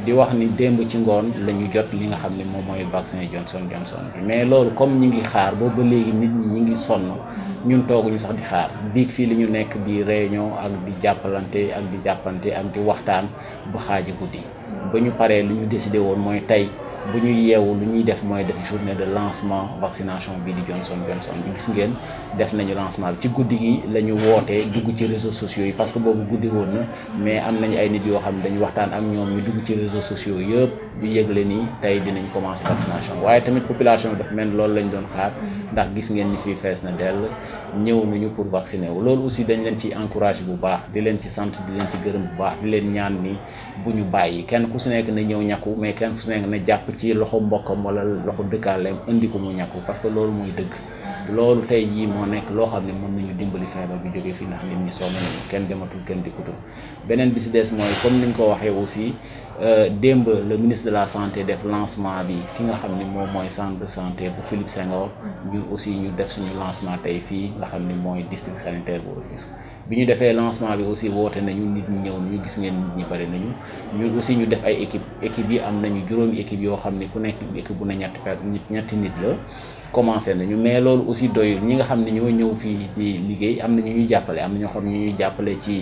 di wax ni démb ci ngoon la ñu jot li nga xam ne moom mooy vaccin Johnson Johnson mais loolu comme ñu ngi xaar boobu ba léegi nit ñi ñu ngi sonn ñun tooguñu sax di xaar biig fii la ñu nekk di réunion ak di jàppalante ak di jàppante ak di waxtaan ba xaaji guddi ba ñu paree li ñu décidé woon mooy tey bu ñu yeewu lu ñuy def mooy def journée de lancement vaccination bi di Johnson Johnson bi gis ngeen def nañu lancement bi ci guddi gi la ñu wootee dugg ci réseaux sociaux yi parce que boobu guddi woon na mais am nañu ay nit yoo xam ne dañu waxtaan ak ñoom ñu dugg ci réseaux sociaux yëpp bu yëgle nii tey dinañ commencé vaccination waaye tamit population def daf mel loolu lañu doon xaar ndax gis ngeen ni fii fees na dell ñëw nañu pour vacciner wu loolu aussi dañ leen ci encouragé bu baax di leen ci sant di ci gërëm bu baax di ñaan ni bu ñu bàyyi kenn ku si nekk na ñëw ñàkku mais nekk na jàpp ci loxo mbokkam wala loxo dëkkaaleem indi ko mu ñàkku parce que loolu mooy dëgg loolu tey jii moo nekk loo xam ne mën nañu dimbali feebar bu jógee fii ndax nit ñi sonn nañu kenn dematul kenn dikkutul beneen bi si des mooy comme ñu ko waxee aussi euh, démb le ministre de la santé def lancement bi fi nga xam ni moom mooy centre de santé bu Philippe Senghor ñun aussi ñu def suñu lancement tey fii nga xam ni mooy district sanitaire bu Rufisque bi ñu defee lancement bi aussi woote nañu nit ñi ñëw ñu gis ngeen nit ñi bari nañu ñun aussi ñu def ay équipe équipe yi am nañu juróomi équipe yoo xam ne ku nekk équipe bu ne ñetti ñetti nit la commencé nañu mais loolu aussi doyul ñi nga xam ne ñoo ñëw fii di liggéey am na ñu ñuy jàppale am na ñoo xam ne ñu ñuy jàppale ci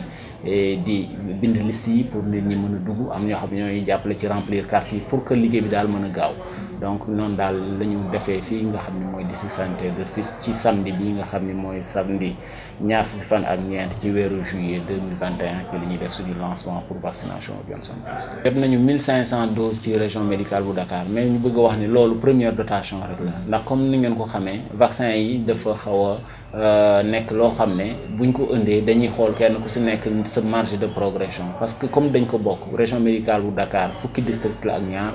eh, di bind liste yi pour nit ñi mën a dugg am ñoo xam ne ñoo ñu jàppale ci remplir carte yi pour que liggéey bi daal mën a gaaw donc non dal lañu défé fi nga xam moy mooy district sanitaire de Rufisque ci samedi bi nga xam moy samedi ñaar fukki fan ak ñeent ci wéru juillet 2021 ci li ñuy def suñu lancement pour vaccination Johnson Johnson jot nañu 1500 doses ci région médicale bu Dakar mais ñu bëgg wax ni loolu première dotation rek la ndax comme ni ngeen ko xamé vaccin yi dafa xawa euh, nek lo xam buñ ko ëndé dañuy xool kenn ku ci nek sa marge de progression parce que comme dañ ko bokk région médicale bu Dakar fukki district la ak ñaar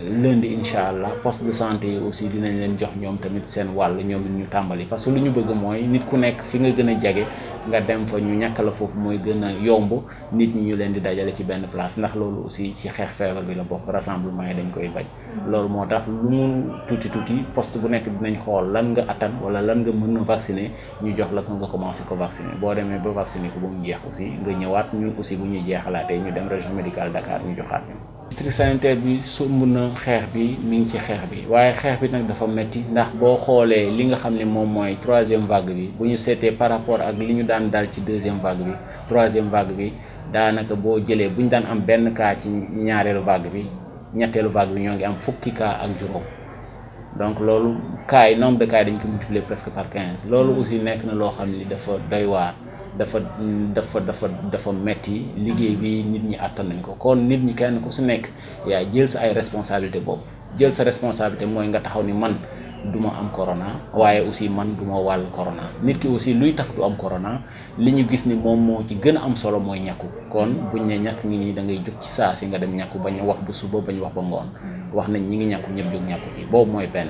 lundi incha allah poste de santé yi aussi dinañ leen jox ñoom tamit seen wàll ñoom it ñu tàmbali parce que lu ñu bëgg mooy nit ku nekk fi nga gën a jege nga dem fa ñu ñàkk la foofu mooy gën a yomb nit ñi ñu leen di dajale ci benn place ndax loolu aussi ci xeex feebar bi la bokk rassemblement yi dañ koy bañ. loolu moo tax lu mu tuuti tuuti poste bu nekk dinañ xool lan nga attan wala lan nga mën a vacciner ñu jox la ko nga commencé ko vacciner boo demee ba vacciner ko ba mu jeex aussi nga ñëwaat ñun aussi bu ñuy jeexalaatee ñu dem région médicale Dakar ñu joxaat moom xeex bi mi ngi ci xeex bi waaye xeex bi nag dafa metti ndax boo xoolee li nga xam ne moom mooy troisième vague bi bu ñu seetee par rapport ak li ñu daan dal ci deuxième vague bi troisième vague bi daanaka boo jëlee bu ñu daan am benn kaa ci ñaareelu vague bi ñetteelu vague bi ñoo ngi am fukki cas ak juróom donc loolu cas yi nombre de cas dañ ko multiplier presque par quinze loolu aussi nekk na loo xam ni dafa doy waar dafa dafa dafa dafa metti liggéey bi nit ñi àttan nañ ko kon nit ñi kenn ku si nekk yaa jël sa ay responsabilité boobu jël sa responsabilité mooy nga taxaw ni man du ma am corona waaye aussi man du ma wàll corona nit ki aussi luy tax du am corona li ñu gis ni moom moo ci gën a am solo mooy ñàkku kon buñ ne ñàkk ngi nii da ngay jóg ci saa si nga dem ñàkku ba ñu wax ba suba ñu wax ba ngoon wax nañ ñi ngi ñàkku ñëpp jóg ñàkku ji boobu mooy benn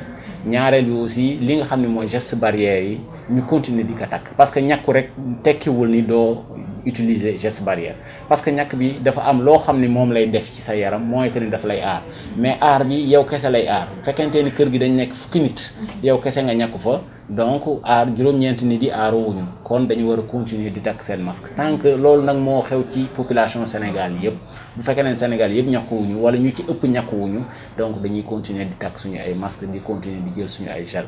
ñaareel bi aussi li nga xam ne mooy geste barrière yi ñu continuer di ko takk parce que ñàkku rek tekkiwul ni doo utiliser geste barrière parce que ñàkk bi dafa am loo xam ne moom lay def ci sa yaram mooy que ni daf lay aar mais aar bi yow kese lay aar fekkente ni kër gi dañ nekk fukki nit yow kese nga ñàkku fa donc aar juróom-ñeenti nit yi aaruwuñu kon dañu war a continuer di takk seen masque tant que loolu nag moo xew ci population Sénégal yëpp bu fekkee ne Sénégal yëpp ñàkkuwuñu wala ñu ci ëpp ñàkkuwuñu donc dañuy continuer di takk suñu ay masque di continuer di jël suñu ay gel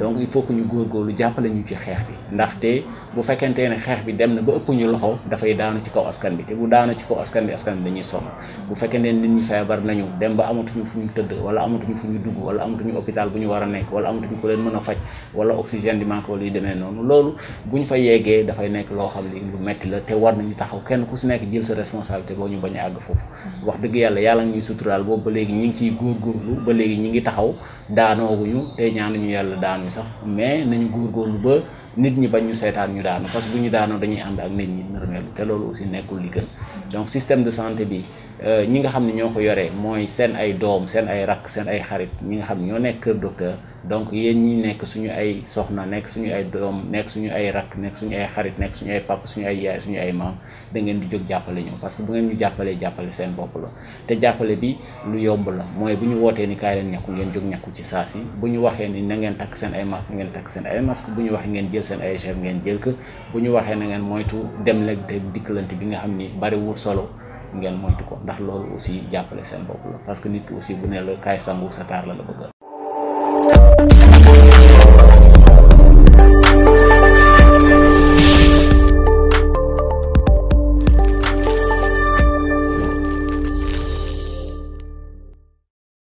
donc il faut que ñu góorgóorlu jàppale ñu ci xeex bi ndaxte bu fekkentee ne xeex bi dem na ba ëpp ñu loxo dafay daanu ci kaw askan bi te bu daanu ci kaw askan bi askan bi dañuy sonn bu fekkentee nit ñi feebar nañu dem ba amatuñu fu ñu tëdd wala fu ñu dugg wala amatuñu hôpital bu ñu war a nekk wala amatuñu ku leen mën a faj oxygène di manqué wala yu demee noonu loolu bu ñu fa yeggee dafay nekk loo xam ne lu metti la te war ñu taxaw kenn ku si nekk jël sa responsabilité boo ñu bañ a àgg foofu wax dëgg yàlla yàlla ngi ñuy suturaal boobu ba léegi ñi ngi ciy góorgóorlu ba léegi ñi ngi taxaw daanooguñu te ñaanuñu yàlla daanu sax mais nañu góorgóorlu ba nit ñi bañ ñu seetaan ñu daanu parce que bu ñu daanoo dañuy ànd ak nit ñi nërmeelu te loolu aussi nekkul li gën donc système de santé bi Euh, ñi nga xam ne ñoo ko yore mooy seen ay doom seen ay rakk seen ay xarit ñi nga xam ne ñoo nekk kër docteur donc yéen ñi nekk suñu ay soxna nekk suñu ay doom nekk suñu ay rakk ay xarit nekk suñu ay papa suñu ay yaay suñu ay maam da ngeen di jóg jàppale ñu parce que bu ngeen ñu jàppalee jàppale seen bopp la te jàppale bi lu yomb la mooy bu ñu wootee ni kaay leen ñàkku ngeen jóg ñàkku ci saa si bu ñu waxee ni na ngeen takk seen ay masque ngeen takk seen ay masque bu ñu waxee ngeen jël seen ay gel ngeen jël ko ñu waxee na ngeen moytu dem lekk te bi nga xam ni bariwul solo ngeen moytu ko ndax loolu aussi jàppale seen bopp la parce que nit ki aussi bu ne la kaay sangu sa taar la la bëgg